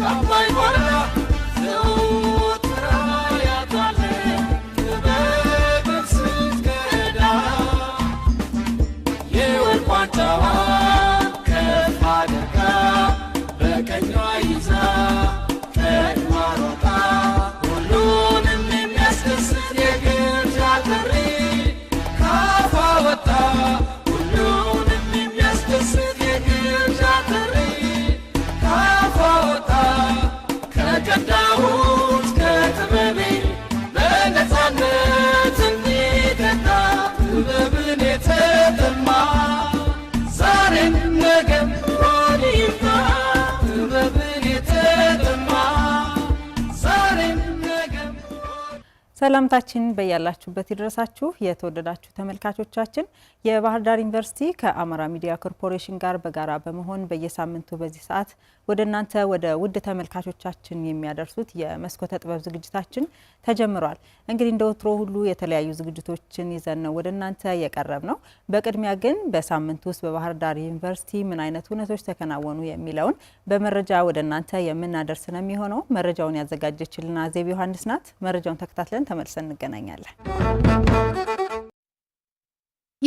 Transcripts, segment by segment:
Kapmayın bana. ሰላምታችን በያላችሁበት ይድረሳችሁ። የተወደዳችሁ ተመልካቾቻችን የባህር ዳር ዩኒቨርሲቲ ከአማራ ሚዲያ ኮርፖሬሽን ጋር በጋራ በመሆን በየሳምንቱ በዚህ ሰዓት ወደ እናንተ ወደ ውድ ተመልካቾቻችን የሚያደርሱት የመስኮተ ጥበብ ዝግጅታችን ተጀምሯል። እንግዲህ እንደ ወትሮ ሁሉ የተለያዩ ዝግጅቶችን ይዘን ነው ወደ እናንተ የቀረብ ነው። በቅድሚያ ግን በሳምንቱ ውስጥ በባህር ዳር ዩኒቨርሲቲ ምን አይነት እውነቶች ተከናወኑ የሚለውን በመረጃ ወደ እናንተ የምናደርስ ነው የሚሆነው። መረጃውን ያዘጋጀችልና ዜብ ዮሐንስ ናት። መረጃውን ተከታትለን ተመልሰን እንገናኛለን።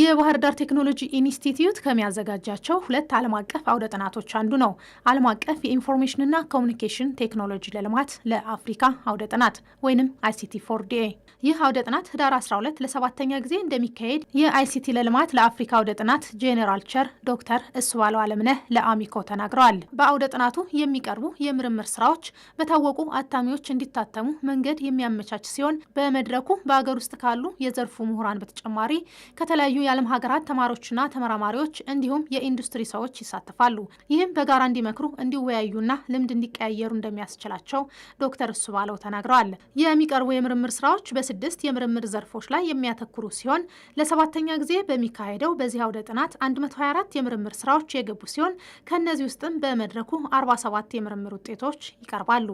የባህር ዳር ቴክኖሎጂ ኢንስቲትዩት ከሚያዘጋጃቸው ሁለት ዓለም አቀፍ አውደ ጥናቶች አንዱ ነው። ዓለም አቀፍ የኢንፎርሜሽንና ኮሚኒኬሽን ቴክኖሎጂ ለልማት ለአፍሪካ አውደ ጥናት ወይንም አይሲቲ ፎር ዲኤ። ይህ አውደ ጥናት ህዳር 12 ለሰባተኛ ጊዜ እንደሚካሄድ የአይሲቲ ለልማት ለአፍሪካ አውደ ጥናት ጄኔራል ቸር ዶክተር ባለው አለምነህ ለአሚኮ ተናግረዋል። በአውደ ጥናቱ የሚቀርቡ የምርምር ስራዎች በታወቁ አታሚዎች እንዲታተሙ መንገድ የሚያመቻች ሲሆን በመድረኩ በአገር ውስጥ ካሉ የዘርፉ ምሁራን በተጨማሪ ከተለያዩ የዓለም ሀገራት ተማሪዎችና ተመራማሪዎች እንዲሁም የኢንዱስትሪ ሰዎች ይሳተፋሉ። ይህም በጋራ እንዲመክሩ እንዲወያዩና ልምድ እንዲቀያየሩ እንደሚያስችላቸው ዶክተር እሱ ባለው ተናግረዋል። የሚቀርቡ የምርምር ስራዎች በስድስት የምርምር ዘርፎች ላይ የሚያተኩሩ ሲሆን ለሰባተኛ ጊዜ በሚካሄደው በዚህ አውደ ጥናት 124 የምርምር ስራዎች የገቡ ሲሆን ከእነዚህ ውስጥም በመድረኩ 47 የምርምር ውጤቶች ይቀርባሉ።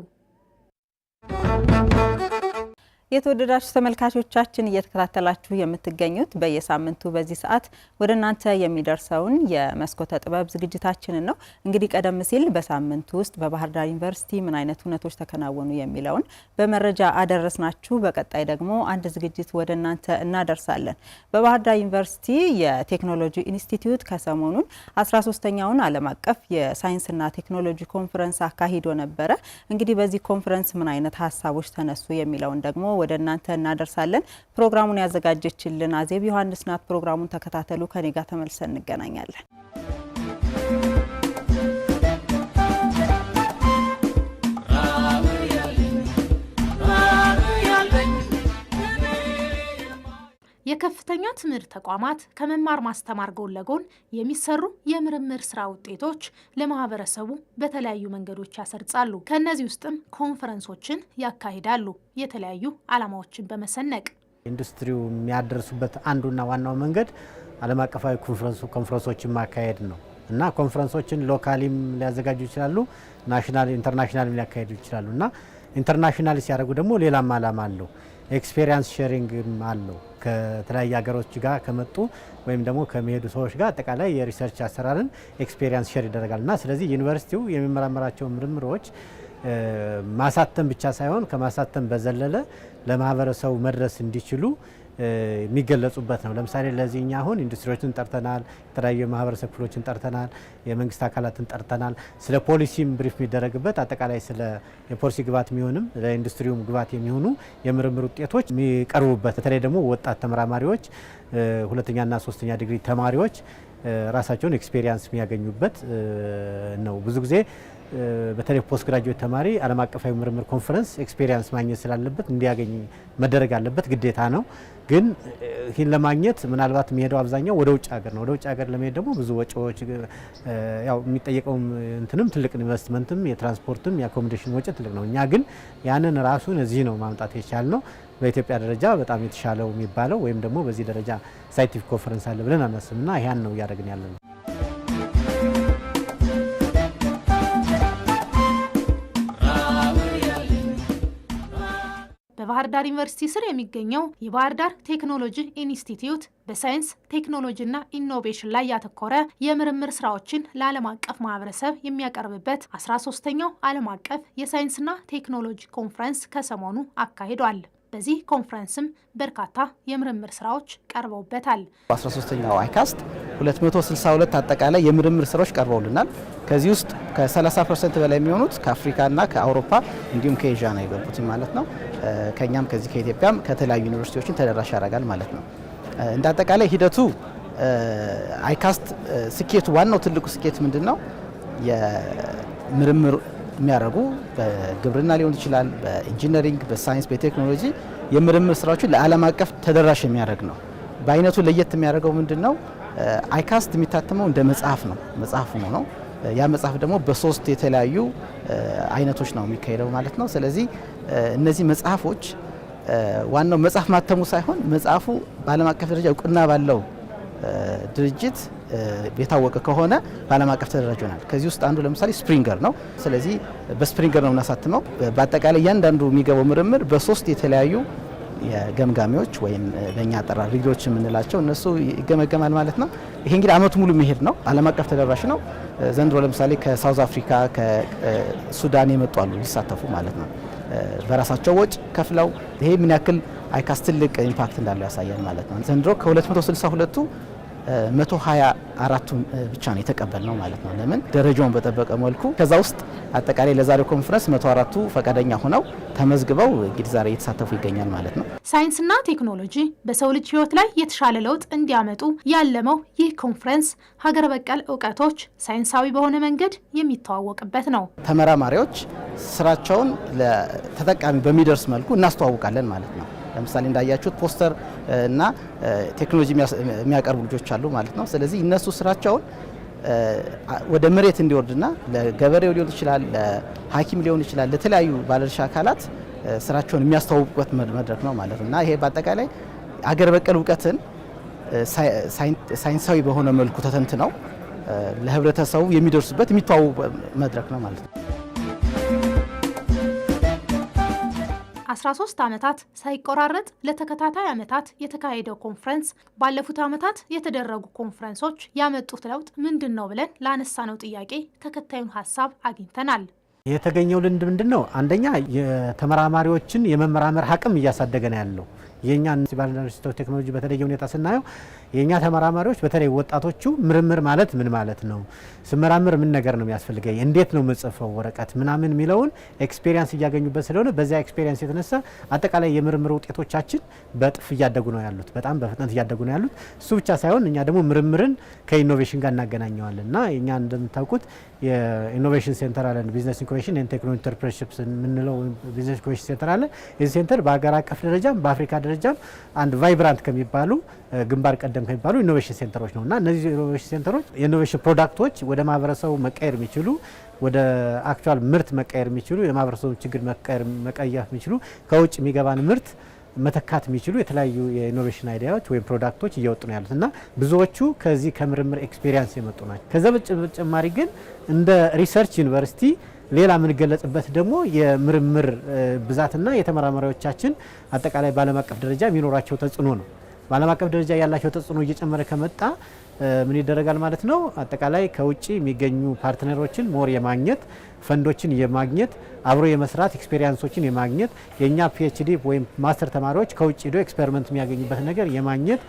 የተወደዳችሁ ተመልካቾቻችን እየተከታተላችሁ የምትገኙት በየሳምንቱ በዚህ ሰዓት ወደ እናንተ የሚደርሰውን የመስኮተ ጥበብ ዝግጅታችንን ነው። እንግዲህ ቀደም ሲል በሳምንቱ ውስጥ በባህር ዳር ዩኒቨርሲቲ ምን አይነት እውነቶች ተከናወኑ የሚለውን በመረጃ አደረስናችሁ። በቀጣይ ደግሞ አንድ ዝግጅት ወደ እናንተ እናደርሳለን። በባህር ዳር ዩኒቨርሲቲ የቴክኖሎጂ ኢንስቲትዩት ከሰሞኑን 13ተኛውን ዓለም አቀፍ የሳይንስና ቴክኖሎጂ ኮንፈረንስ አካሂዶ ነበረ። እንግዲህ በዚህ ኮንፈረንስ ምን አይነት ሀሳቦች ተነሱ የሚለውን ደግሞ ወደ እናንተ እናደርሳለን። ፕሮግራሙን ያዘጋጀችልን አዜብ ዮሐንስ ናት። ፕሮግራሙን ተከታተሉ። ከኔ ጋር ተመልሰን እንገናኛለን። የከፍተኛ ትምህርት ተቋማት ከመማር ማስተማር ጎን ለጎን የሚሰሩ የምርምር ስራ ውጤቶች ለማህበረሰቡ በተለያዩ መንገዶች ያሰርጻሉ። ከእነዚህ ውስጥም ኮንፈረንሶችን ያካሂዳሉ፣ የተለያዩ ዓላማዎችን በመሰነቅ ኢንዱስትሪው የሚያደርሱበት አንዱና ዋናው መንገድ ዓለም አቀፋዊ ኮንፈረንሶችን ማካሄድ ነው እና ኮንፈረንሶችን ሎካሊም ሊያዘጋጁ ይችላሉ፣ ናሽናል ኢንተርናሽናልም ሊያካሄዱ ይችላሉ እና ኢንተርናሽናል ሲያደርጉ ደግሞ ሌላም ዓላማ አለው። ኤክስፔሪንስ ሼሪንግም አለው ከተለያዩ ሀገሮች ጋር ከመጡ ወይም ደግሞ ከሚሄዱ ሰዎች ጋር አጠቃላይ የሪሰርች አሰራርን ኤክስፔሪንስ ሼር ይደረጋል እና ስለዚህ ዩኒቨርሲቲው የሚመራመራቸው ምርምሮች ማሳተም ብቻ ሳይሆን ከማሳተም በዘለለ ለማህበረሰቡ መድረስ እንዲችሉ የሚገለጹበት ነው። ለምሳሌ ለዚህ እኛ አሁን ኢንዱስትሪዎችን ጠርተናል፣ የተለያዩ የማህበረሰብ ክፍሎችን ጠርተናል፣ የመንግስት አካላትን ጠርተናል። ስለ ፖሊሲም ብሪፍ የሚደረግበት አጠቃላይ ስለ የፖሊሲ ግባት የሚሆንም ለኢንዱስትሪውም ግባት የሚሆኑ የምርምር ውጤቶች የሚቀርቡበት በተለይ ደግሞ ወጣት ተመራማሪዎች ሁለተኛና ሶስተኛ ዲግሪ ተማሪዎች ራሳቸውን ኤክስፔሪንስ የሚያገኙበት ነው ብዙ ጊዜ በተለይ ፖስት ግራጁዌት ተማሪ ዓለም አቀፋዊ ምርምር ኮንፈረንስ ኤክስፔሪንስ ማግኘት ስላለበት እንዲያገኝ መደረግ አለበት፣ ግዴታ ነው። ግን ይህን ለማግኘት ምናልባት የሚሄደው አብዛኛው ወደ ውጭ ሀገር ነው። ወደ ውጭ ሀገር ለመሄድ ደግሞ ብዙ ወጪዎች ያው የሚጠየቀውም እንትንም ትልቅ ኢንቨስትመንትም፣ የትራንስፖርትም፣ የአኮሞዴሽን ወጪ ትልቅ ነው። እኛ ግን ያንን ራሱን እዚህ ነው ማምጣት የቻል ነው። በኢትዮጵያ ደረጃ በጣም የተሻለው የሚባለው ወይም ደግሞ በዚህ ደረጃ ሳይንቲፊክ ኮንፈረንስ አለ ብለን አናስብና ያን ነው እያደረግን ያለ ነው። በባህር ዳር ዩኒቨርሲቲ ስር የሚገኘው የባህር ዳር ቴክኖሎጂ ኢንስቲትዩት በሳይንስ ቴክኖሎጂና ኢኖቬሽን ላይ ያተኮረ የምርምር ስራዎችን ለዓለም አቀፍ ማህበረሰብ የሚያቀርብበት 13ኛው ዓለም አቀፍ የሳይንስና ቴክኖሎጂ ኮንፈረንስ ከሰሞኑ አካሂዷል። በዚህ ኮንፈረንስም በርካታ የምርምር ስራዎች ቀርበውበታል። በ13ኛው አይካስት 262 አጠቃላይ የምርምር ስራዎች ቀርበውልናል። ከዚህ ውስጥ ከ30 ፐርሰንት በላይ የሚሆኑት ከአፍሪካና ከአውሮፓ እንዲሁም ከኤዥያ ነው የገቡትም ማለት ነው። ከእኛም ከዚህ ከኢትዮጵያም ከተለያዩ ዩኒቨርሲቲዎችን ተደራሽ ያደርጋል ማለት ነው። እንደ አጠቃላይ ሂደቱ አይካስት ስኬቱ ዋናው ትልቁ ስኬት ምንድን ነው? የምርምር የሚያደርጉ በግብርና ሊሆን ይችላል፣ በኢንጂነሪንግ፣ በሳይንስ፣ በቴክኖሎጂ የምርምር ስራዎችን ለዓለም አቀፍ ተደራሽ የሚያደርግ ነው። በአይነቱ ለየት የሚያደርገው ምንድን ነው? አይካስት የሚታተመው እንደ መጽሐፍ ነው። መጽሐፍ ሆኖ ነው። ያ መጽሐፍ ደግሞ በሶስት የተለያዩ አይነቶች ነው የሚካሄደው ማለት ነው። ስለዚህ እነዚህ መጽሐፎች ዋናው መጽሐፍ ማተሙ ሳይሆን መጽሐፉ በዓለም አቀፍ ደረጃ እውቅና ባለው ድርጅት የታወቀ ከሆነ በዓለም አቀፍ ተደራጅ ይሆናል። ከዚህ ውስጥ አንዱ ለምሳሌ ስፕሪንገር ነው። ስለዚህ በስፕሪንገር ነው የምናሳትመው። በአጠቃላይ እያንዳንዱ የሚገባው ምርምር በሶስት የተለያዩ የገምጋሚዎች ወይም በእኛ አጠራር ሪዶች የምንላቸው እነሱ ይገመገማል ማለት ነው። ይሄ እንግዲህ አመቱ ሙሉ መሄድ ነው። ዓለም አቀፍ ተደራሽ ነው። ዘንድሮ ለምሳሌ ከሳውዝ አፍሪካ ከሱዳን የመጡ አሉ ሊሳተፉ ማለት ነው። በራሳቸው ወጪ ከፍለው ይሄ ምን ያክል አይካስ ትልቅ ኢምፓክት እንዳለው ያሳያል ማለት ነው። ዘንድሮ ከ262ቱ መቶ ሀያ አራቱን ብቻ ነው የተቀበል ነው ማለት ነው። ለምን ደረጃውን በጠበቀ መልኩ ከዛ ውስጥ አጠቃላይ ለዛሬው ኮንፈረንስ መቶ አራቱ ፈቃደኛ ሆነው ተመዝግበው እንግዲህ ዛሬ እየተሳተፉ ይገኛል ማለት ነው። ሳይንስና ቴክኖሎጂ በሰው ልጅ ሕይወት ላይ የተሻለ ለውጥ እንዲያመጡ ያለመው ይህ ኮንፈረንስ ሀገር በቀል እውቀቶች ሳይንሳዊ በሆነ መንገድ የሚተዋወቅበት ነው። ተመራማሪዎች ስራቸውን ለተጠቃሚ በሚደርስ መልኩ እናስተዋውቃለን ማለት ነው። ለምሳሌ እንዳያችሁት ፖስተር እና ቴክኖሎጂ የሚያቀርቡ ልጆች አሉ ማለት ነው። ስለዚህ እነሱ ስራቸውን ወደ መሬት እንዲወርድና ለገበሬው ሊሆን ይችላል፣ ለሐኪም ሊሆን ይችላል፣ ለተለያዩ ባለድርሻ አካላት ስራቸውን የሚያስተዋውቁበት መድረክ ነው ማለት ነው እና ይሄ በአጠቃላይ አገር በቀል እውቀትን ሳይንሳዊ በሆነ መልኩ ተተንትነው ለህብረተሰቡ የሚደርሱበት የሚተዋወቁበት መድረክ ነው ማለት ነው። 13 ዓመታት ሳይቆራረጥ ለተከታታይ ዓመታት የተካሄደው ኮንፈረንስ ባለፉት ዓመታት የተደረጉ ኮንፈረንሶች ያመጡት ለውጥ ምንድን ነው ብለን ላነሳነው ጥያቄ ተከታዩን ሀሳብ አግኝተናል። የተገኘው ልምድ ምንድን ነው? አንደኛ የተመራማሪዎችን የመመራመር አቅም እያሳደገ ነው ያለው። የእኛ ዩኒቨርሲቲ ቴክኖሎጂ በተለየ ሁኔታ ስናየው የእኛ ተመራማሪዎች በተለይ ወጣቶቹ ምርምር ማለት ምን ማለት ነው፣ ስመራምር ምን ነገር ነው የሚያስፈልገኝ፣ እንዴት ነው መጽፈው ወረቀት ምናምን የሚለውን ኤክስፔሪንስ እያገኙበት ስለሆነ በዚያ ኤክስፔሪንስ የተነሳ አጠቃላይ የምርምር ውጤቶቻችን በጥፍ እያደጉ ነው ያሉት፣ በጣም በፍጥነት እያደጉ ነው ያሉት። እሱ ብቻ ሳይሆን እኛ ደግሞ ምርምርን ከኢኖቬሽን ጋር እናገናኘዋለን እና እኛ እንደምታውቁት የኢኖቬሽን ሴንተር አለን፣ ቢዝነስ ኢንኩቤሽን ኤንድ ቴክኖ ኢንተርፕሬነርሺፕ የምንለው ቢዝነስ ኢንኩቤሽን ሴንተር አለ። ይህ ሴንተር በሀገር አቀፍ ደረጃም በአፍሪካ ደረጃም አንድ ቫይብራንት ከሚባሉ ግንባር ቀደም ቀደም ከሚባሉ ኢኖቬሽን ሴንተሮች ነው እና እነዚህ ኢኖቬሽን ሴንተሮች የኢኖቬሽን ፕሮዳክቶች ወደ ማህበረሰቡ መቀየር የሚችሉ ወደ አክቹዋል ምርት መቀየር የሚችሉ የማህበረሰቡ ችግር መቀየር የሚችሉ ከውጭ የሚገባን ምርት መተካት የሚችሉ የተለያዩ የኢኖቬሽን አይዲያዎች ወይም ፕሮዳክቶች እየወጡ ነው ያሉት እና ብዙዎቹ ከዚህ ከምርምር ኤክስፔሪንስ የመጡ ናቸው። ከዛ በተጨማሪ ግን እንደ ሪሰርች ዩኒቨርሲቲ ሌላ የምንገለጽበት ደግሞ የምርምር ብዛትና የተመራማሪዎቻችን አጠቃላይ በዓለም አቀፍ ደረጃ የሚኖራቸው ተጽዕኖ ነው። በዓለም አቀፍ ደረጃ ያላቸው ተጽዕኖ እየጨመረ ከመጣ ምን ይደረጋል ማለት ነው? አጠቃላይ ከውጭ የሚገኙ ፓርትነሮችን ሞር የማግኘት ፈንዶችን የማግኘት አብሮ የመስራት ኤክስፔሪያንሶችን የማግኘት የእኛ ፒኤችዲ ወይም ማስተር ተማሪዎች ከውጭ ሄዶ ኤክስፔሪመንት የሚያገኙበት ነገር የማግኘት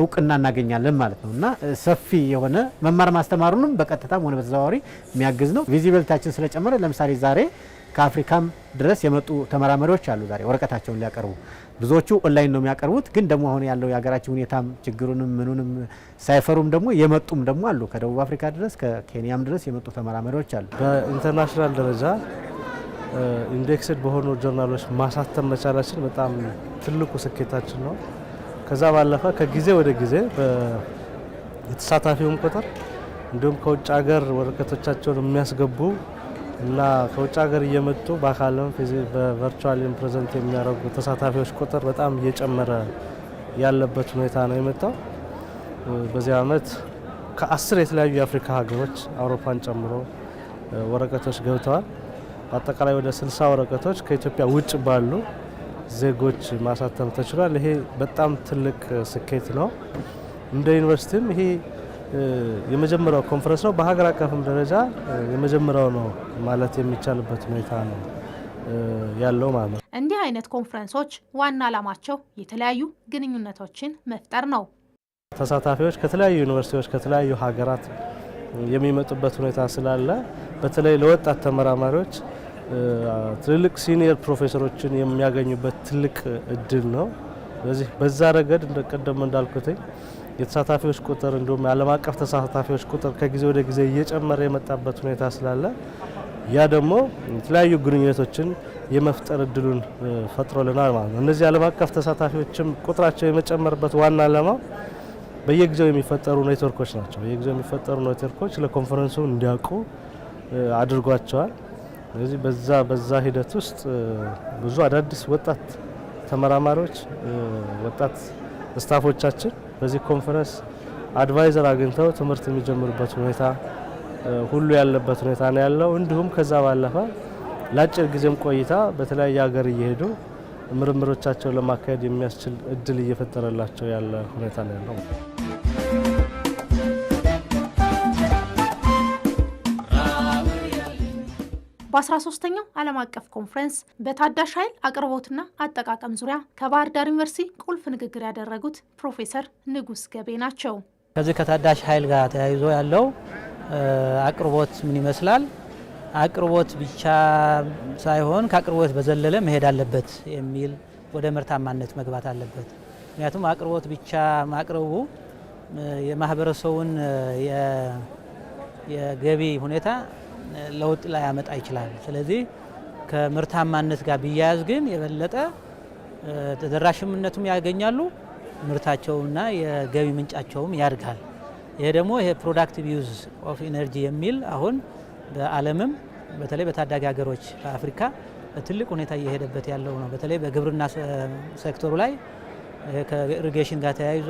እውቅና እናገኛለን ማለት ነው። እና ሰፊ የሆነ መማር ማስተማሩንም በቀጥታም ሆነ በተዘዋዋሪ የሚያግዝ ነው። ቪዚቢሊታችን ስለጨመረ ለምሳሌ ዛሬ ከአፍሪካም ድረስ የመጡ ተመራማሪዎች አሉ ዛሬ ወረቀታቸውን ሊያቀርቡ ብዙዎቹ ኦንላይን ነው የሚያቀርቡት። ግን ደግሞ አሁን ያለው የሀገራችን ሁኔታም ችግሩንም ምኑንም ሳይፈሩም ደግሞ የመጡም ደግሞ አሉ። ከደቡብ አፍሪካ ድረስ ከኬንያም ድረስ የመጡ ተመራማሪዎች አሉ። በኢንተርናሽናል ደረጃ ኢንዴክስድ በሆኑ ጆርናሎች ማሳተም መቻላችን በጣም ትልቁ ስኬታችን ነው። ከዛ ባለፈ ከጊዜ ወደ ጊዜ የተሳታፊውም ቁጥር እንዲሁም ከውጭ ሀገር ወረቀቶቻቸውን የሚያስገቡ እና ከውጭ ሀገር እየመጡ በአካልም በቨርቹዋልም ፕሬዘንት የሚያደርጉ ተሳታፊዎች ቁጥር በጣም እየጨመረ ያለበት ሁኔታ ነው የመጣው። በዚህ ዓመት ከአስር የተለያዩ የአፍሪካ ሀገሮች አውሮፓን ጨምሮ ወረቀቶች ገብተዋል። በአጠቃላይ ወደ ስልሳ ወረቀቶች ከኢትዮጵያ ውጭ ባሉ ዜጎች ማሳተም ተችሏል። ይሄ በጣም ትልቅ ስኬት ነው እንደ ዩኒቨርሲቲም ይሄ የመጀመሪያው ኮንፈረንስ ነው። በሀገር አቀፍም ደረጃ የመጀመሪያው ነው ማለት የሚቻልበት ሁኔታ ነው ያለው ማለት ነው። እንዲህ አይነት ኮንፈረንሶች ዋና ዓላማቸው የተለያዩ ግንኙነቶችን መፍጠር ነው። ተሳታፊዎች ከተለያዩ ዩኒቨርሲቲዎች፣ ከተለያዩ ሀገራት የሚመጡበት ሁኔታ ስላለ በተለይ ለወጣት ተመራማሪዎች ትልልቅ ሲኒየር ፕሮፌሰሮችን የሚያገኙበት ትልቅ እድል ነው። ስለዚህ በዛ ረገድ እንደቀደም እንዳልኩትኝ የተሳታፊዎች ቁጥር እንዲሁም የዓለም አቀፍ ተሳታፊዎች ቁጥር ከጊዜ ወደ ጊዜ እየጨመረ የመጣበት ሁኔታ ስላለ ያ ደግሞ የተለያዩ ግንኙነቶችን የመፍጠር እድሉን ፈጥሮልናል ማለት ነው። እነዚህ ዓለም አቀፍ ተሳታፊዎችም ቁጥራቸው የመጨመርበት ዋና ዓላማው በየጊዜው የሚፈጠሩ ኔትወርኮች ናቸው። በየጊዜው የሚፈጠሩ ኔትወርኮች ለኮንፈረንሱ እንዲያውቁ አድርጓቸዋል። ስለዚህ በዛ በዛ ሂደት ውስጥ ብዙ አዳዲስ ወጣት ተመራማሪዎች፣ ወጣት ስታፎቻችን በዚህ ኮንፈረንስ አድቫይዘር አግኝተው ትምህርት የሚጀምሩበት ሁኔታ ሁሉ ያለበት ሁኔታ ነው ያለው። እንዲሁም ከዛ ባለፈ ለአጭር ጊዜም ቆይታ በተለያየ ሀገር እየሄዱ ምርምሮቻቸውን ለማካሄድ የሚያስችል እድል እየፈጠረላቸው ያለ ሁኔታ ነው ያለው። 13ኛው ዓለም አቀፍ ኮንፈረንስ በታዳሽ ኃይል አቅርቦትና አጠቃቀም ዙሪያ ከባህር ዳር ዩኒቨርሲቲ ቁልፍ ንግግር ያደረጉት ፕሮፌሰር ንጉስ ገቤ ናቸው። ከዚህ ከታዳሽ ኃይል ጋር ተያይዞ ያለው አቅርቦት ምን ይመስላል? አቅርቦት ብቻ ሳይሆን ከአቅርቦት በዘለለ መሄድ አለበት የሚል ወደ ምርታማነት መግባት አለበት። ምክንያቱም አቅርቦት ብቻ ማቅረቡ የማህበረሰቡን የገቢ ሁኔታ ለውጥ ላይ ያመጣ ይችላል። ስለዚህ ከምርታማነት ጋር ቢያያዝ ግን የበለጠ ተደራሽነቱም ያገኛሉ፣ ምርታቸውና የገቢ ምንጫቸውም ያድጋል። ይሄ ደግሞ ይሄ ፕሮዳክቲቭ ዩዝ ኦፍ ኢነርጂ የሚል አሁን በዓለምም በተለይ በታዳጊ ሀገሮች በአፍሪካ በትልቅ ሁኔታ እየሄደበት ያለው ነው። በተለይ በግብርና ሴክተሩ ላይ ከኢሪጌሽን ጋር ተያይዞ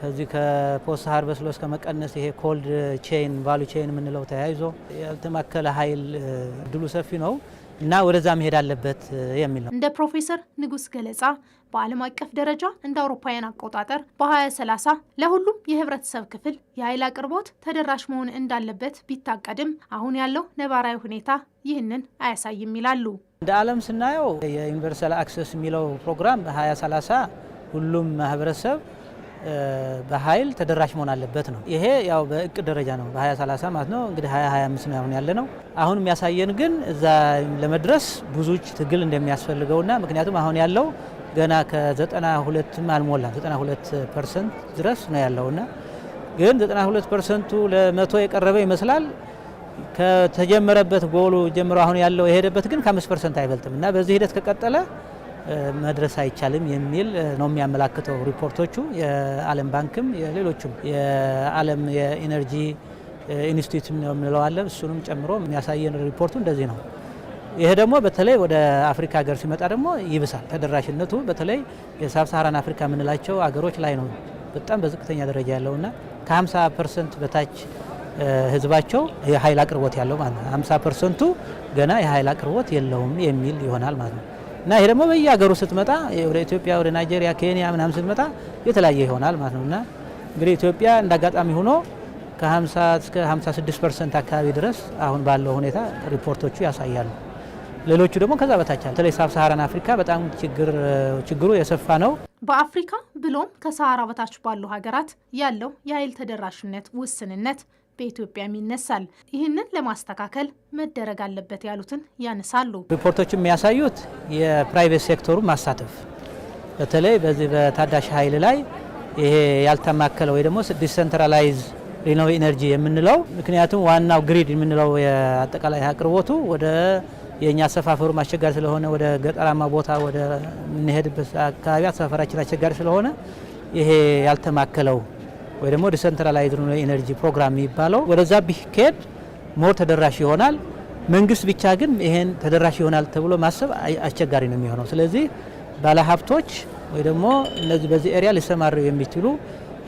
ከዚህ ከፖስት ሃርቨስት ሎስ ከመቀነስ ይሄ ኮልድ ቼን ቫሉ ቼን የምንለው ተያይዞ ያልተማከለ ኃይል እድሉ ሰፊ ነው እና ወደዛ መሄድ አለበት የሚል ነው። እንደ ፕሮፌሰር ንጉስ ገለጻ በዓለም አቀፍ ደረጃ እንደ አውሮፓውያን አቆጣጠር በ2030 ለሁሉም የህብረተሰብ ክፍል የኃይል አቅርቦት ተደራሽ መሆን እንዳለበት ቢታቀድም አሁን ያለው ነባራዊ ሁኔታ ይህንን አያሳይም ይላሉ። እንደ ዓለም ስናየው የዩኒቨርሳል አክሰስ የሚለው ፕሮግራም 2030 ሁሉም ማህበረሰብ በኃይል ተደራሽ መሆን አለበት ነው። ይሄ ያው በእቅድ ደረጃ ነው በ2030 ማለት ነው። እንግዲህ 2025 ነው አሁን ያለ ነው። አሁን የሚያሳየን ግን እዛ ለመድረስ ብዙ ትግል እንደሚያስፈልገውና ምክንያቱም አሁን ያለው ገና ከ 92 አልሞላ 92 ፐርሰንት ድረስ ነው ያለውና ግን 92 ፐርሰንቱ ለመቶ የቀረበ ይመስላል ከተጀመረበት ጎሉ ጀምሮ አሁን ያለው የሄደበት ግን ከ5 ፐርሰንት አይበልጥም እና በዚህ ሂደት ከቀጠለ መድረስ አይቻልም የሚል ነው የሚያመላክተው ሪፖርቶቹ። የዓለም ባንክም የሌሎችም የዓለም የኢነርጂ ኢንስቲትዩት ነው የምንለዋለን እሱንም ጨምሮ የሚያሳየን ሪፖርቱ እንደዚህ ነው። ይሄ ደግሞ በተለይ ወደ አፍሪካ ሀገር ሲመጣ ደግሞ ይብሳል። ተደራሽነቱ በተለይ የሳብ አፍሪካ የምንላቸው አገሮች ላይ ነው በጣም በዝቅተኛ ደረጃ ያለውና ከ50 ፐርሰንት በታች ህዝባቸው የኃይል አቅርቦት ያለው ማለት ነው። 50 ፐርሰንቱ ገና የኃይል አቅርቦት የለውም የሚል ይሆናል ማለት ነው። እና ይሄ ደግሞ በየሀገሩ ስትመጣ ወደ ኢትዮጵያ፣ ወደ ናይጄሪያ፣ ኬንያ ምናምን ስትመጣ የተለያየ ይሆናል ማለት ነው እና እንግዲህ ኢትዮጵያ እንደ አጋጣሚ ሆኖ ከ50 እስከ 56 ፐርሰንት አካባቢ ድረስ አሁን ባለው ሁኔታ ሪፖርቶቹ ያሳያሉ። ሌሎቹ ደግሞ ከዛ በታች አለ። በተለይ ሳብ ሳሃራን አፍሪካ በጣም ችግሩ የሰፋ ነው። በአፍሪካ ብሎም ከሳሃራ በታች ባሉ ሀገራት ያለው የኃይል ተደራሽነት ውስንነት በኢትዮጵያ ይነሳል። ይህንን ለማስተካከል መደረግ አለበት ያሉትን ያነሳሉ። ሪፖርቶች የሚያሳዩት የፕራይቬት ሴክተሩ ማሳተፍ በተለይ በዚህ በታዳሽ ኃይል ላይ ይሄ ያልተማከለ ወይ ደግሞ ዲሴንትራላይዝ ሪኖቭ ኢነርጂ የምንለው ምክንያቱም ዋናው ግሪድ የምንለው አጠቃላይ አቅርቦቱ ወደ የእኛ አሰፋፈሩ አስቸጋሪ ስለሆነ ወደ ገጠራማ ቦታ ወደ ምንሄድበት አካባቢ አሰፋፈራችን አስቸጋሪ ስለሆነ ይሄ ያልተማከለው ወይ ደግሞ ዲሰንትራላይዝድ ኤነርጂ ፕሮግራም የሚባለው ወደዛ ቢሄድ ሞር ተደራሽ ይሆናል። መንግስት ብቻ ግን ይሄን ተደራሽ ይሆናል ተብሎ ማሰብ አስቸጋሪ ነው የሚሆነው። ስለዚህ ባለሀብቶች ወይ ደግሞ እነዚህ በዚህ ኤሪያ ሊሰማሩ የሚችሉ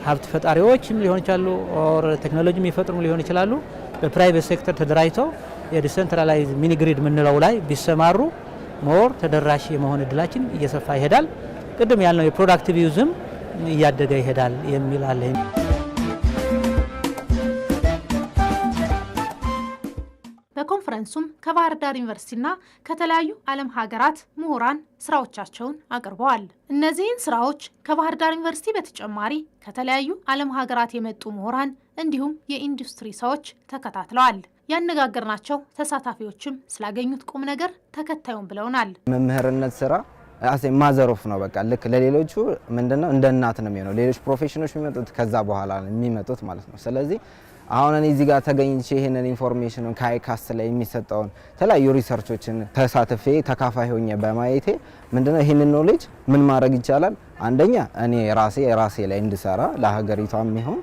ሀብት ፈጣሪዎችም ሊሆን ይችላሉ፣ ኦር ቴክኖሎጂ የሚፈጥሩ ሊሆን ይችላሉ። በፕራይቬት ሴክተር ተደራጅተው የዲሰንትራላይዝ ሚኒግሪድ የምንለው ላይ ቢሰማሩ ሞር ተደራሽ የመሆን እድላችን እየሰፋ ይሄዳል። ቅድም ያልነው ዩዝም እያደገ ይሄዳል የሚል አለ። በኮንፈረንሱም ከባህር ዳር ዩኒቨርሲቲና ከተለያዩ ዓለም ሀገራት ምሁራን ስራዎቻቸውን አቅርበዋል። እነዚህን ስራዎች ከባህር ዳር ዩኒቨርሲቲ በተጨማሪ ከተለያዩ ዓለም ሀገራት የመጡ ምሁራን እንዲሁም የኢንዱስትሪ ሰዎች ተከታትለዋል። ያነጋገርናቸው ተሳታፊዎችም ስላገኙት ቁም ነገር ተከታዩን ብለውናል። መምህርነት ስራ አሴ ማዘሮፍ ነው በቃ ልክ ለሌሎቹ ምንድነው እንደ እናት ነው የሚሆነው። ሌሎች ፕሮፌሽኖች የሚመጡት ከዛ በኋላ ነው የሚመጡት ማለት ነው። ስለዚህ አሁን እኔ እዚህ ጋር ተገኝቼ ይህንን ኢንፎርሜሽን ከአይካስ ላይ የሚሰጠውን የተለያዩ ሪሰርቾችን ተሳትፌ ተካፋይ ሆኜ በማየቴ ምንድነው ይህንን ኖሌጅ ምን ማድረግ ይቻላል፣ አንደኛ እኔ ራሴ ራሴ ላይ እንድሰራ ለሀገሪቷ የሚሆን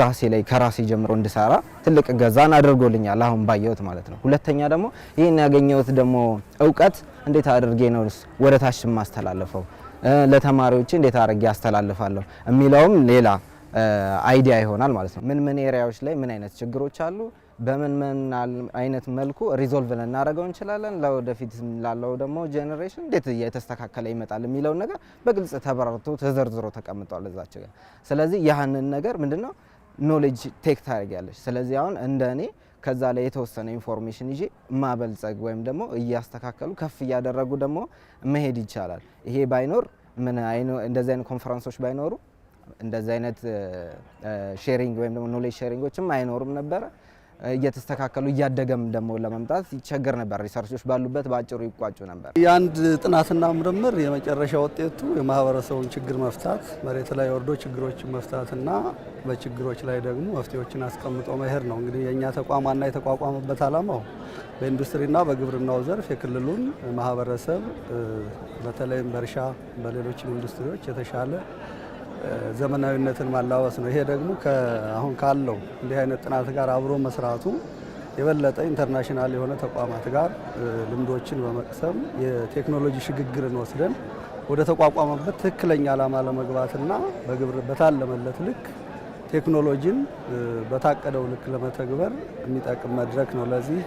ራሴ ላይ ከራሴ ጀምሮ እንድሰራ ትልቅ እገዛን አድርጎልኛል፣ አሁን ባየሁት ማለት ነው። ሁለተኛ ደግሞ ይህን ያገኘሁት ደግሞ እውቀት እንዴት አድርጌ ነው ወደ ታች ማስተላለፈው ለተማሪዎች እንዴት አድርጌ አስተላልፋለሁ የሚለውም ሌላ አይዲያ ይሆናል ማለት ነው። ምን ምን ኤሪያዎች ላይ ምን አይነት ችግሮች አሉ በምን ምን አይነት መልኩ ሪዞልቭ ልናደርገው እንችላለን፣ ለወደፊት ላለው ደግሞ ጄኔሬሽን እንዴት እየተስተካከለ ይመጣል የሚለውን ነገር በግልጽ ተበራርቶ ተዘርዝሮ ተቀምጧል እዛች ጋር። ስለዚህ ያህንን ነገር ምንድነው ኖሌጅ ቴክ ታደርጊያለች። ስለዚህ አሁን እንደ እኔ ከዛ ላይ የተወሰነ ኢንፎርሜሽን ይዤ ማበልጸግ ወይም ደግሞ እያስተካከሉ ከፍ እያደረጉ ደግሞ መሄድ ይቻላል። ይሄ ባይኖር ምን እንደዚህ አይነት ኮንፈረንሶች ባይኖሩ እንደዚህ አይነት ሼሪንግ ወይም ደግሞ ኖሌጅ ሼሪንጎችም አይኖሩም ነበረ። እየተስተካከሉ እያደገም ደግሞ ለመምጣት ይቸገር ነበር። ሪሰርቾች ባሉበት በአጭሩ ይቋጩ ነበር። የአንድ ጥናትና ምርምር የመጨረሻ ውጤቱ የማህበረሰቡን ችግር መፍታት፣ መሬት ላይ ወርዶ ችግሮችን መፍታትና በችግሮች ላይ ደግሞ መፍትሄዎችን አስቀምጦ መሄድ ነው። እንግዲህ የእኛ ተቋም ዋና የተቋቋመበት ዓላማው በኢንዱስትሪና በግብርናው ዘርፍ የክልሉን ማህበረሰብ በተለይም በእርሻ በሌሎችም ኢንዱስትሪዎች የተሻለ ዘመናዊነትን ማላበስ ነው። ይሄ ደግሞ አሁን ካለው እንዲህ አይነት ጥናት ጋር አብሮ መስራቱ የበለጠ ኢንተርናሽናል የሆነ ተቋማት ጋር ልምዶችን በመቅሰም የቴክኖሎጂ ሽግግርን ወስደን ወደ ተቋቋመበት ትክክለኛ ዓላማ ለመግባትና በግብር በታለመለት ልክ ቴክኖሎጂን በታቀደው ልክ ለመተግበር የሚጠቅም መድረክ ነው። ለዚህ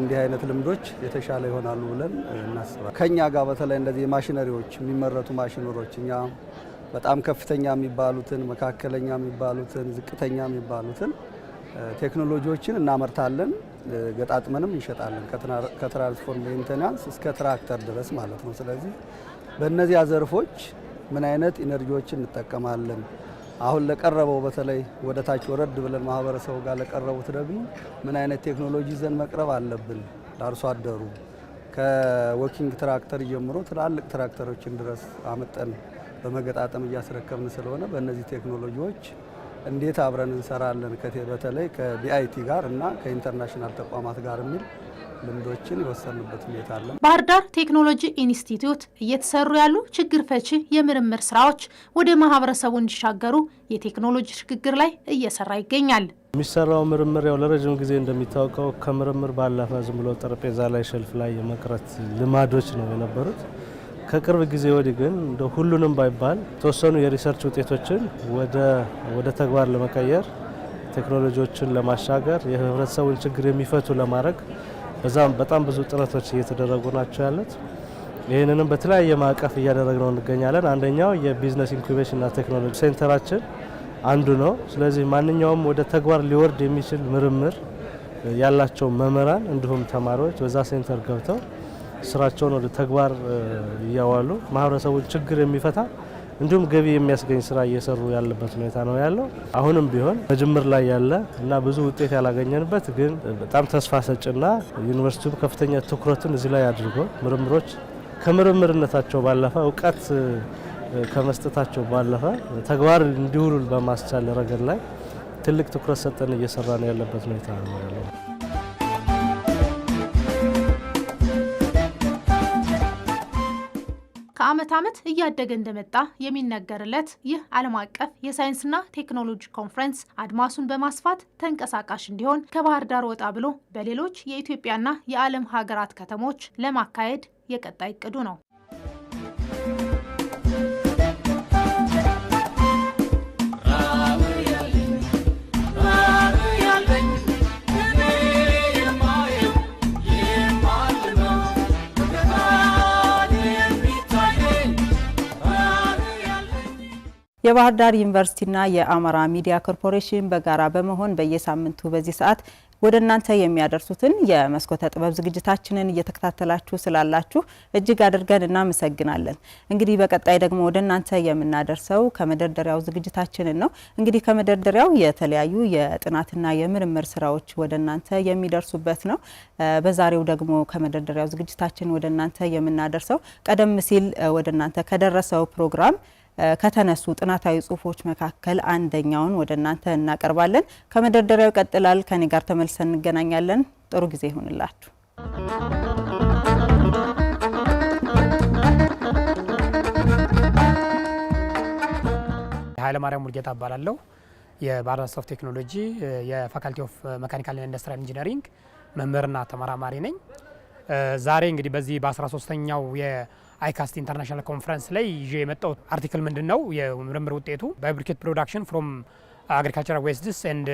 እንዲህ አይነት ልምዶች የተሻለ ይሆናሉ ብለን እናስባለን። ከኛ ጋር በተለይ እንደዚህ ማሽነሪዎች የሚመረቱ ማሽነሮች እኛ በጣም ከፍተኛ የሚባሉትን፣ መካከለኛ የሚባሉትን፣ ዝቅተኛ የሚባሉትን ቴክኖሎጂዎችን እናመርታለን። ገጣጥመንም እንሸጣለን። ከትራንስፎርም ሜንቴናንስ እስከ ትራክተር ድረስ ማለት ነው። ስለዚህ በእነዚያ ዘርፎች ምን አይነት ኢነርጂዎችን እንጠቀማለን? አሁን ለቀረበው በተለይ ወደ ታች ወረድ ብለን ማህበረሰቡ ጋር ለቀረቡት ደግሞ ምን አይነት ቴክኖሎጂ ይዘን መቅረብ አለብን? ለአርሶ አደሩ ከወኪንግ ትራክተር ጀምሮ ትላልቅ ትራክተሮችን ድረስ አመጠን በመገጣጠም እያስረከብን ስለሆነ በእነዚህ ቴክኖሎጂዎች እንዴት አብረን እንሰራለን በተለይ ከቢአይቲ ጋር እና ከኢንተርናሽናል ተቋማት ጋር የሚል ልምዶችን የወሰንበት ሁኔታ አለ። ባህር ዳር ቴክኖሎጂ ኢንስቲትዩት እየተሰሩ ያሉ ችግር ፈቺ የምርምር ስራዎች ወደ ማህበረሰቡ እንዲሻገሩ የቴክኖሎጂ ሽግግር ላይ እየሰራ ይገኛል። የሚሰራው ምርምር ያው ለረጅም ጊዜ እንደሚታወቀው ከምርምር ባለፈ ዝም ብሎ ጠረጴዛ ላይ ሸልፍ ላይ የመቅረት ልማዶች ነው የነበሩት። ከቅርብ ጊዜ ወዲህ ግን እንደ ሁሉንም ባይባል የተወሰኑ የሪሰርች ውጤቶችን ወደ ተግባር ለመቀየር ቴክኖሎጂዎችን ለማሻገር የህብረተሰቡን ችግር የሚፈቱ ለማድረግ በዛም በጣም ብዙ ጥረቶች እየተደረጉ ናቸው ያሉት። ይህንንም በተለያየ ማዕቀፍ እያደረግነው እንገኛለን። አንደኛው የቢዝነስ ኢንኩቤሽንና ቴክኖሎጂ ሴንተራችን አንዱ ነው። ስለዚህ ማንኛውም ወደ ተግባር ሊወርድ የሚችል ምርምር ያላቸው መምህራን እንዲሁም ተማሪዎች በዛ ሴንተር ገብተው ስራቸውን ወደ ተግባር እያዋሉ ማህበረሰቡን ችግር የሚፈታ እንዲሁም ገቢ የሚያስገኝ ስራ እየሰሩ ያለበት ሁኔታ ነው ያለው። አሁንም ቢሆን በጅምር ላይ ያለ እና ብዙ ውጤት ያላገኘንበት ግን በጣም ተስፋ ሰጭና ዩኒቨርሲቲውም ከፍተኛ ትኩረትን እዚህ ላይ አድርጎ ምርምሮች ከምርምርነታቸው ባለፈ እውቀት ከመስጠታቸው ባለፈ ተግባር እንዲውሉል በማስቻል ረገድ ላይ ትልቅ ትኩረት ሰጠን እየሰራ ነው ያለበት ሁኔታ ነው ያለው። ከዓመት ዓመት እያደገ እንደመጣ የሚነገርለት ይህ ዓለም አቀፍ የሳይንስና ቴክኖሎጂ ኮንፈረንስ አድማሱን በማስፋት ተንቀሳቃሽ እንዲሆን ከባህር ዳር ወጣ ብሎ በሌሎች የኢትዮጵያና የዓለም ሀገራት ከተሞች ለማካሄድ የቀጣይ እቅዱ ነው። የባህር ዳር ዩኒቨርሲቲና የአማራ ሚዲያ ኮርፖሬሽን በጋራ በመሆን በየሳምንቱ በዚህ ሰዓት ወደ እናንተ የሚያደርሱትን የመስኮተ ጥበብ ዝግጅታችንን እየተከታተላችሁ ስላላችሁ እጅግ አድርገን እናመሰግናለን። እንግዲህ በቀጣይ ደግሞ ወደ እናንተ የምናደርሰው ከመደርደሪያው ዝግጅታችንን ነው። እንግዲህ ከመደርደሪያው የተለያዩ የጥናትና የምርምር ስራዎች ወደ እናንተ የሚደርሱበት ነው። በዛሬው ደግሞ ከመደርደሪያው ዝግጅታችን ወደ እናንተ የምናደርሰው ቀደም ሲል ወደ እናንተ ከደረሰው ፕሮግራም ከተነሱ ጥናታዊ ጽሁፎች መካከል አንደኛውን ወደ እናንተ እናቀርባለን። ከመደርደሪያው ይቀጥላል። ከኔ ጋር ተመልሰን እንገናኛለን። ጥሩ ጊዜ ይሁንላችሁ። ኃይለማርያም ሙልጌታ እባላለሁ። የባህርዳር ዩኒቨርሲቲ ኦፍ ቴክኖሎጂ የፋካልቲ ኦፍ መካኒካል ኢንዱስትሪያል ኢንጂነሪንግ መምህርና ተመራማሪ ነኝ። ዛሬ እንግዲህ በዚህ በ13ኛው አይካስት ኢንተርናሽናል ኮንፈረንስ ላይ ይዤ የመጣው አርቲክል ምንድን ነው? የምርምር ውጤቱ ባይብሪኬት ፕሮዳክሽን ፍሮም አግሪካልቸራል ዌስትስ ኤንድ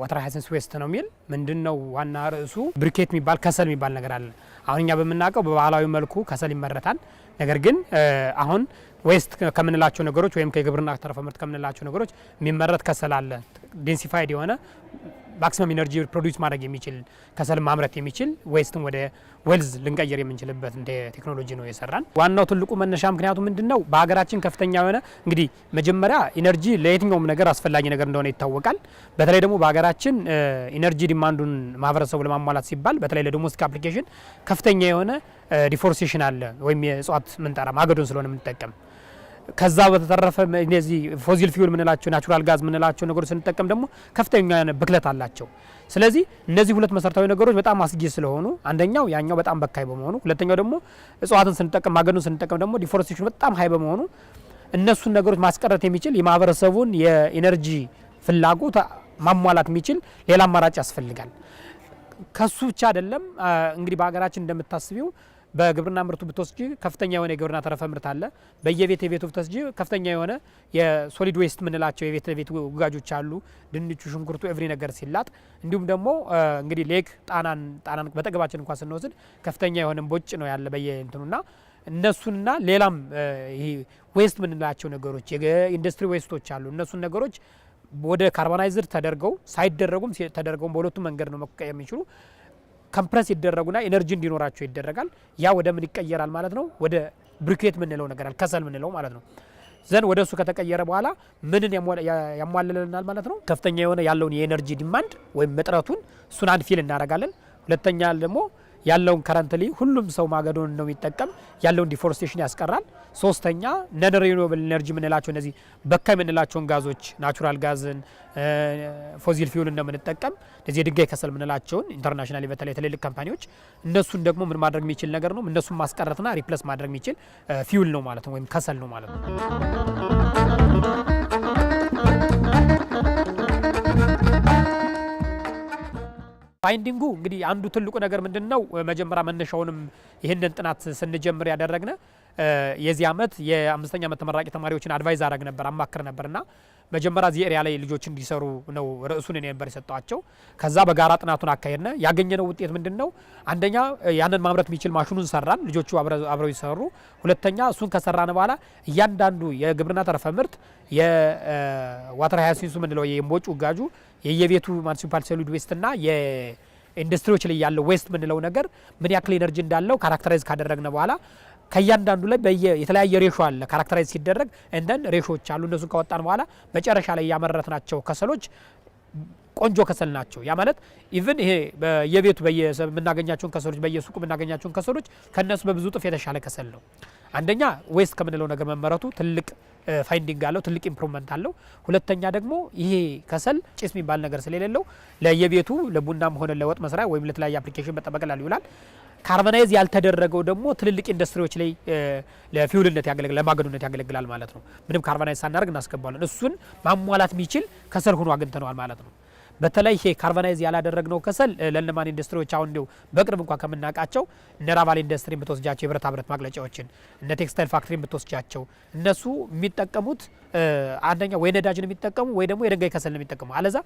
ዋተር ሃይሰንስ ዌስት ነው የሚል ምንድን ነው ዋና ርዕሱ። ብሪኬት የሚባል ከሰል የሚባል ነገር አለ። አሁን እኛ በምናውቀው በባህላዊ መልኩ ከሰል ይመረታል። ነገር ግን አሁን ዌስት ከምንላቸው ነገሮች ወይም ከግብርና ተረፈ ምርት ከምንላቸው ነገሮች የሚመረት ከሰል አለ ዴንሲፋይድ የሆነ ማክሲመም ኢነርጂ ፕሮዲስ ማድረግ የሚችል ከሰል ማምረት የሚችል ዌስትን ወደ ዌልዝ ልንቀየር የምንችልበት እንደ ቴክኖሎጂ ነው የሰራን። ዋናው ትልቁ መነሻ ምክንያቱ ምንድን ነው? በሀገራችን ከፍተኛ የሆነ እንግዲህ መጀመሪያ ኢነርጂ ለየትኛውም ነገር አስፈላጊ ነገር እንደሆነ ይታወቃል። በተለይ ደግሞ በሀገራችን ኢነርጂ ዲማንዱን ማህበረሰቡ ለማሟላት ሲባል በተለይ ለዶሞስቲክ አፕሊኬሽን ከፍተኛ የሆነ ዲፎርሴሽን አለ ወይም የእጽዋት ምንጠራ ማገዶን ስለሆነ የምንጠቀም ከዛ በተረፈ እነዚህ ፎሲል ፊውል ምንላቸው ናቹራል ጋዝ ምንላቸው ነገሮች ስንጠቀም ደግሞ ከፍተኛ ብክለት አላቸው። ስለዚህ እነዚህ ሁለት መሰረታዊ ነገሮች በጣም አስጊ ስለሆኑ አንደኛው ያኛው በጣም በካይ በመሆኑ፣ ሁለተኛው ደግሞ እጽዋትን ስንጠቀም ማገዶን ስንጠቀም ደግሞ ዲፎረስቴሽን በጣም ሀይ በመሆኑ እነሱን ነገሮች ማስቀረት የሚችል የማህበረሰቡን የኢነርጂ ፍላጎት ማሟላት የሚችል ሌላ አማራጭ ያስፈልጋል። ከሱ ብቻ አይደለም እንግዲህ በሀገራችን እንደምታስቢው በግብርና ምርቱ ብትወስጂ ከፍተኛ የሆነ የግብርና ተረፈ ምርት አለ። በየቤት የቤቱ ብትወስጂ ከፍተኛ የሆነ የሶሊድ ዌስት የምንላቸው የቤት ለቤት ውጋጆች አሉ። ድንቹ፣ ሽንኩርቱ ኤቭሪ ነገር ሲላጥ እንዲሁም ደግሞ እንግዲህ ሌክ ጣናን ጣናን በጠገባችን እንኳ ስንወስድ ከፍተኛ የሆነ ቦጭ ነው ያለ በየእንትኑና እነሱንና ሌላም ይሄ ዌስት የምንላቸው ነገሮች የኢንዱስትሪ ዌስቶች አሉ። እነሱን ነገሮች ወደ ካርቦናይዝድ ተደርገው ሳይደረጉም ተደርገውም በሁለቱም መንገድ ነው መቀየር የሚችሉ ከምፕረስ ይደረጉና ኤነርጂ እንዲኖራቸው ይደረጋል። ያ ወደ ምን ይቀየራል ማለት ነው? ወደ ብሪኬት ምንለው ነገር ከሰል ምንለው ማለት ነው። ዘን ወደ እሱ ከተቀየረ በኋላ ምንን ያሟልልናል ማለት ነው? ከፍተኛ የሆነ ያለውን የኤነርጂ ዲማንድ ወይም መጥረቱን እሱን ፊል እናደርጋለን። ሁለተኛ ደግሞ ያለውን ከረንትሊ ሁሉም ሰው ማገዶን ነው የሚጠቀም ያለውን ዲፎረስቴሽን ያስቀራል። ሶስተኛ ነን ሪኒዌብል ኤነርጂ የምንላቸው እነዚህ በካ የምንላቸውን ጋዞች ናቹራል ጋዝን ፎሲል ፊውል እንደምንጠቀም እነዚህ የድንጋይ ከሰል የምንላቸውን ኢንተርናሽናል በተለይ ትልልቅ ካምፓኒዎች እነሱን ደግሞ ምን ማድረግ የሚችል ነገር ነው እነሱን ማስቀረትና ሪፕለስ ማድረግ የሚችል ፊውል ነው ማለት ነው ወይም ከሰል ነው ማለት ነው። ፋይንዲንጉ እንግዲህ አንዱ ትልቁ ነገር ምንድን ነው፣ መጀመሪያ መነሻውንም ይህንን ጥናት ስንጀምር ያደረግነ የዚህ ዓመት የአምስተኛ ዓመት ተመራቂ ተማሪዎችን አድቫይዝ አረግ ነበር አማክር ና መጀመሪያ እዚህ ኤሪያ ላይ ልጆች እንዲሰሩ ነው ርዕሱን እኔ ነበር የሰጠዋቸው። ከዛ በጋራ ጥናቱን አካሄድነ። ያገኘነው ውጤት ምንድን ነው? አንደኛ ያንን ማምረት የሚችል ማሽኑን ሰራን፣ ልጆቹ አብረው ይሰሩ። ሁለተኛ እሱን ከሰራን በኋላ እያንዳንዱ የግብርና ተረፈ ምርት የዋተር ሀያሲንሱ ምንለው የእምቦጭ ውጋጁ የየቤቱ ማንሲፓል ሰሊድ ዌስት ና የኢንዱስትሪዎች ላይ ያለው ዌስት ምንለው ነገር ምን ያክል ኤነርጂ እንዳለው ካራክተራይዝ ካደረግነ በኋላ ከእያንዳንዱ ላይ የተለያየ ሬሾ አለ ካራክተራይዝ ሲደረግ እንደን ሬሾዎች አሉ። እነሱን ከወጣን በኋላ መጨረሻ ላይ ያመረት ናቸው ከሰሎች ቆንጆ ከሰል ናቸው። ያ ማለት ኢቭን ይሄ የቤቱ የምናገኛቸውን ከሰሎች በየሱቁ የምናገኛቸውን ከሰሎች ከእነሱ በብዙ ጥፍ የተሻለ ከሰል ነው። አንደኛ ዌስት ከምንለው ነገር መመረቱ ትልቅ ፋይንዲንግ አለው፣ ትልቅ ኢምፕሩቭመንት አለው። ሁለተኛ ደግሞ ይሄ ከሰል ጭስ የሚባል ነገር ስለሌለው ለየቤቱ ለቡናም ሆነ ለወጥ መስሪያ ወይም ለተለያየ አፕሊኬሽን በጠበቀላሉ ይውላል። ካርበናይዝ ያልተደረገው ደግሞ ትልልቅ ኢንዱስትሪዎች ላይ ለፊውልነት ያገለግላል ለማገዶነት ያገለግላል ማለት ነው። ምንም ካርበናይዝ ሳናደርግ እናስገባለን። እሱን ማሟላት የሚችል ከሰል ሆኖ አግኝተነዋል ማለት ነው። በተለይ ይሄ ካርበናይዝ ያላደረግነው ከሰል ለልማን ኢንዱስትሪዎች አሁን እንዲሁ በቅርብ እንኳ ከምናውቃቸው እነ ራቫል ኢንዱስትሪ ብትወስጃቸው የብረታ ብረት ማቅለጫዎችን፣ እነ ቴክስታይል ፋክትሪ ብትወስጃቸው እነሱ የሚጠቀሙት አንደኛ ወይ ነዳጅን የሚጠቀሙ ወይ ደግሞ የድንጋይ ነው የሚጠቀሙ አለዛ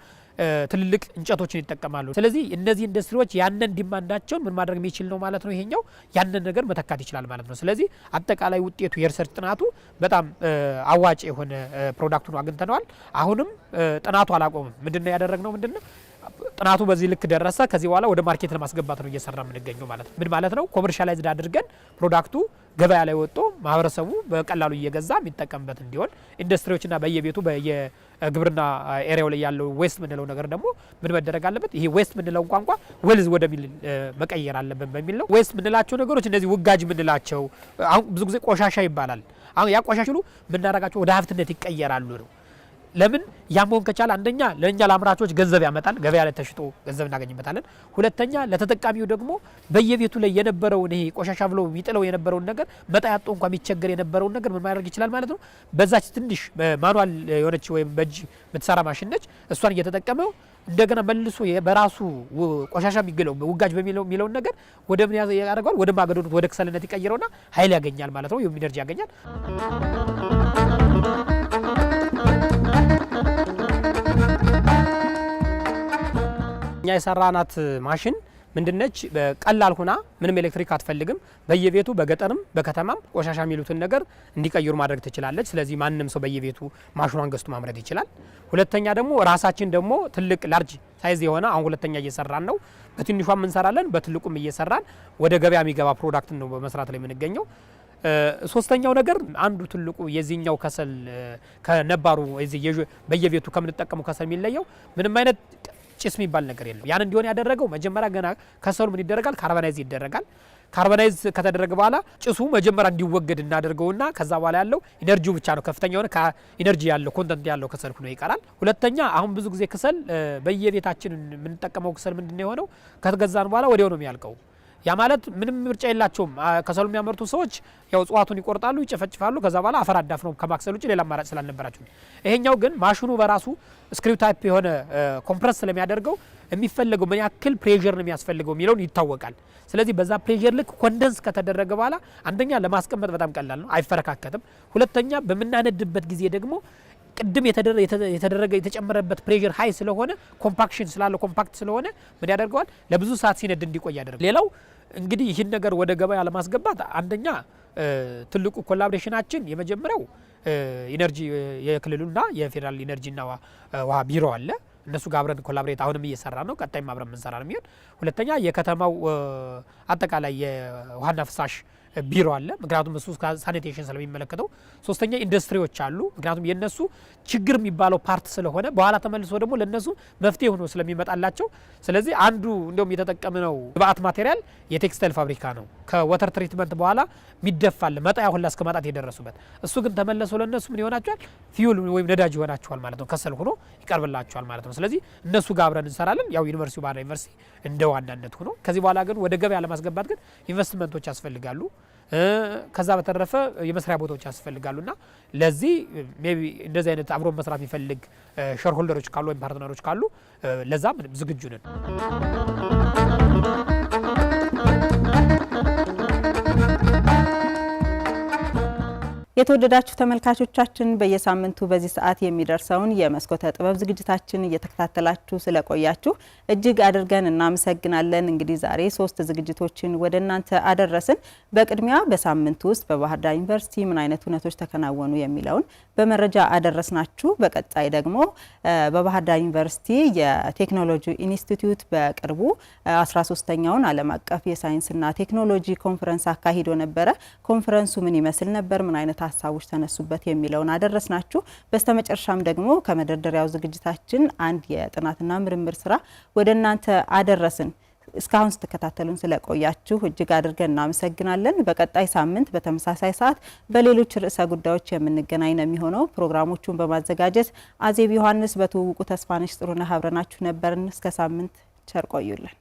ትልልቅ እንጨቶችን ይጠቀማሉ። ስለዚህ እነዚህ ኢንዱስትሪዎች ያንን ዲማንዳቸውን ምን ማድረግ የሚችል ነው ማለት ነው። ይሄኛው ያንን ነገር መተካት ይችላል ማለት ነው። ስለዚህ አጠቃላይ ውጤቱ የሪሰርች ጥናቱ በጣም አዋጭ የሆነ ፕሮዳክቱን አግኝተነዋል። አሁንም ጥናቱ አላቆምም። ምንድነው ያደረግነው ምንድነው ጥናቱ በዚህ ልክ ደረሰ። ከዚህ በኋላ ወደ ማርኬት ለማስገባት ነው እየሰራ የምንገኘው ማለት ነው። ምን ማለት ነው? ኮመርሻላይዝድ አድርገን ፕሮዳክቱ ገበያ ላይ ወጥቶ ማህበረሰቡ በቀላሉ እየገዛ የሚጠቀምበት እንዲሆን ኢንዱስትሪዎችና በየቤቱ በየግብርና ኤሪያው ላይ ያለው ዌስት ምንለው ነገር ደግሞ ምን መደረግ አለበት? ይሄ ዌስት ምንለው ቋንቋ ወልዝ ወደሚል መቀየር አለብን በሚል ነው። ዌስት ምንላቸው ነገሮች እነዚህ ውጋጅ ምንላቸው አሁን ብዙ ጊዜ ቆሻሻ ይባላል። አሁን ያ ቆሻሽሉ ምናረጋቸው ወደ ሀብትነት ይቀየራሉ ነው ለምን ያም መሆን ከቻለ አንደኛ ለእኛ ለአምራቾች ገንዘብ ያመጣል፣ ገበያ ላይ ተሽጦ ገንዘብ እናገኝበታለን። ሁለተኛ ለተጠቃሚው ደግሞ በየቤቱ ላይ የነበረውን ይሄ ቆሻሻ ብሎ የሚጥለው የነበረውን ነገር መጣያጦ እንኳ የሚቸገር የነበረውን ነገር ምን ማድረግ ይችላል ማለት ነው። በዛች ትንሽ ማኑዋል የሆነች ወይም በእጅ የምትሰራ ማሽን ነች። እሷን እየተጠቀመው እንደገና መልሶ በራሱ ቆሻሻ የሚገለው ውጋጅ በሚለውን ነገር ወደ ምን ያደርገዋል? ወደ ማገዶነት ወደ ክሰልነት ይቀይረውና ኃይል ያገኛል ማለት ነው። ኢነርጂ ያገኛል። የሰራናት ማሽን ምንድነች? በቀላል ሁና ምንም ኤሌክትሪክ አትፈልግም። በየቤቱ በገጠርም በከተማም ቆሻሻ የሚሉትን ነገር እንዲቀይሩ ማድረግ ትችላለች። ስለዚህ ማንም ሰው በየቤቱ ማሽኗን ገዝቶ ማምረት ይችላል። ሁለተኛ ደግሞ ራሳችን ደግሞ ትልቅ ላርጅ ሳይዝ የሆነ አሁን ሁለተኛ እየሰራን ነው። በትንሿም እንሰራለን፣ በትልቁም እየሰራን ወደ ገበያ የሚገባ ፕሮዳክት ነው በመስራት ላይ የምንገኘው። ሶስተኛው ነገር አንዱ ትልቁ የዚህኛው ከሰል ከነባሩ በየቤቱ ከምንጠቀመው ከሰል የሚለየው ምንም አይነት ጭስ የሚባል ነገር የለም። ያን እንዲሆን ያደረገው መጀመሪያ ገና ከሰሉ ምን ይደረጋል? ካርበናይዝ ይደረጋል። ካርበናይዝ ከተደረገ በኋላ ጭሱ መጀመሪያ እንዲወገድ እናደርገውና ከዛ በኋላ ያለው ኢነርጂው ብቻ ነው ከፍተኛ የሆነ ኢነርጂ ያለው ኮንተንት ያለው ክሰል ሆኖ ይቀራል። ሁለተኛ አሁን ብዙ ጊዜ ክሰል በየቤታችን የምንጠቀመው ክሰል ምንድን የሆነው? ከተገዛን በኋላ ወዲያው ነው የሚያልቀው። ያ ማለት ምንም ምርጫ የላቸውም። ከሰሉ የሚያመርቱ ሰዎች ያው እጽዋቱን ይቆርጣሉ፣ ይጨፈጭፋሉ። ከዛ በኋላ አፈር አዳፍ ነው ከማክሰል ውጭ ሌላ አማራጭ ስላልነበራቸው። ይሄኛው ግን ማሽኑ በራሱ ስክሪው ታይፕ የሆነ ኮምፕረስ ስለሚያደርገው የሚፈለገው ምን ያክል ፕሬዠር ነው የሚያስፈልገው የሚለውን ይታወቃል። ስለዚህ በዛ ፕሬዠር ልክ ኮንደንስ ከተደረገ በኋላ አንደኛ ለማስቀመጥ በጣም ቀላል ነው፣ አይፈረካከትም። ሁለተኛ በምናነድበት ጊዜ ደግሞ ቅድም የተደረገ የተጨመረበት ፕሬር ሀይ ስለሆነ ኮምፓክሽን ስላለ ኮምፓክት ስለሆነ ምን ያደርገዋል ለብዙ ሰዓት ሲነድ እንዲቆይ ያደርጋል። ሌላው እንግዲህ ይህን ነገር ወደ ገበያ ለማስገባት አንደኛ ትልቁ ኮላቦሬሽናችን የመጀመሪያው ኢነርጂ የክልሉና የፌዴራል ኢነርጂና ውሃ ቢሮ አለ። እነሱ ጋር አብረን ኮላብሬት አሁንም እየሰራ ነው። ቀጣይም አብረን የምንሰራ ነው የሚሆን። ሁለተኛ የከተማው አጠቃላይ የውሃና ፍሳሽ ቢሮ አለ። ምክንያቱም እሱ ሳኒቴሽን ስለሚመለከተው፣ ሶስተኛ ኢንዱስትሪዎች አሉ። ምክንያቱም የእነሱ ችግር የሚባለው ፓርት ስለሆነ በኋላ ተመልሶ ደግሞ ለእነሱ መፍትሄ ሆኖ ስለሚመጣላቸው፣ ስለዚህ አንዱ እንደውም የተጠቀምነው ግብአት ማቴሪያል የቴክስታይል ፋብሪካ ነው። ከወተር ትሪትመንት በኋላ ሚደፋል መጣያ ሁላ እስከ ማጣት የደረሱበት እሱ ግን ተመለሶ ለእነሱ ምን ይሆናቸዋል? ፊውል ወይም ነዳጅ ይሆናቸዋል ማለት ነው። ከሰል ሆኖ ይቀርብላቸዋል ማለት ነው። ስለዚህ እነሱ ጋር አብረን እንሰራለን። ያው ዩኒቨርሲቲው ባህርዳር ዩኒቨርሲቲ እንደ ዋናነት ሆኖ ከዚህ በኋላ ግን ወደ ገበያ ለማስገባት ግን ኢንቨስትመንቶች ያስፈልጋሉ። ከዛ በተረፈ የመስሪያ ቦታዎች ያስፈልጋሉና ለዚህ ሜይ ቢ እንደዚህ አይነት አብሮ መስራት የሚፈልግ ሸርሆልደሮች ካሉ ወይም ፓርትነሮች ካሉ ለዛም ዝግጁ ነን። የተወደዳችሁ ተመልካቾቻችን በየሳምንቱ በዚህ ሰዓት የሚደርሰውን የመስኮተ ጥበብ ዝግጅታችን እየተከታተላችሁ ስለቆያችሁ እጅግ አድርገን እናመሰግናለን። እንግዲህ ዛሬ ሶስት ዝግጅቶችን ወደ እናንተ አደረስን። በቅድሚያ በሳምንቱ ውስጥ በባህር ዳር ዩኒቨርሲቲ ምን አይነት እውነቶች ተከናወኑ የሚለውን በመረጃ አደረስናችሁ። በቀጣይ ደግሞ በባህር ዳር ዩኒቨርሲቲ የቴክኖሎጂ ኢንስቲትዩት በቅርቡ 13ተኛውን ዓለም አቀፍ የሳይንስና ቴክኖሎጂ ኮንፈረንስ አካሂዶ ነበረ። ኮንፈረንሱ ምን ይመስል ነበር? ምን አይነት ሀሳቦች ተነሱበት የሚለውን አደረስናችሁ። በስተመጨረሻም ደግሞ ከመደርደሪያው ዝግጅታችን አንድ የጥናትና ምርምር ስራ ወደ እናንተ አደረስን። እስካሁን ስትከታተሉን ስለቆያችሁ እጅግ አድርገን እናመሰግናለን። በቀጣይ ሳምንት በተመሳሳይ ሰዓት በሌሎች ርዕሰ ጉዳዮች የምንገናኝ ነው የሚሆነው። ፕሮግራሞቹን በማዘጋጀት አዜብ ዮሐንስ፣ በትውውቁ ተስፋነሽ ጥሩነህ አብረናችሁ ነበርን። እስከ ሳምንት ቸር ቆዩልን።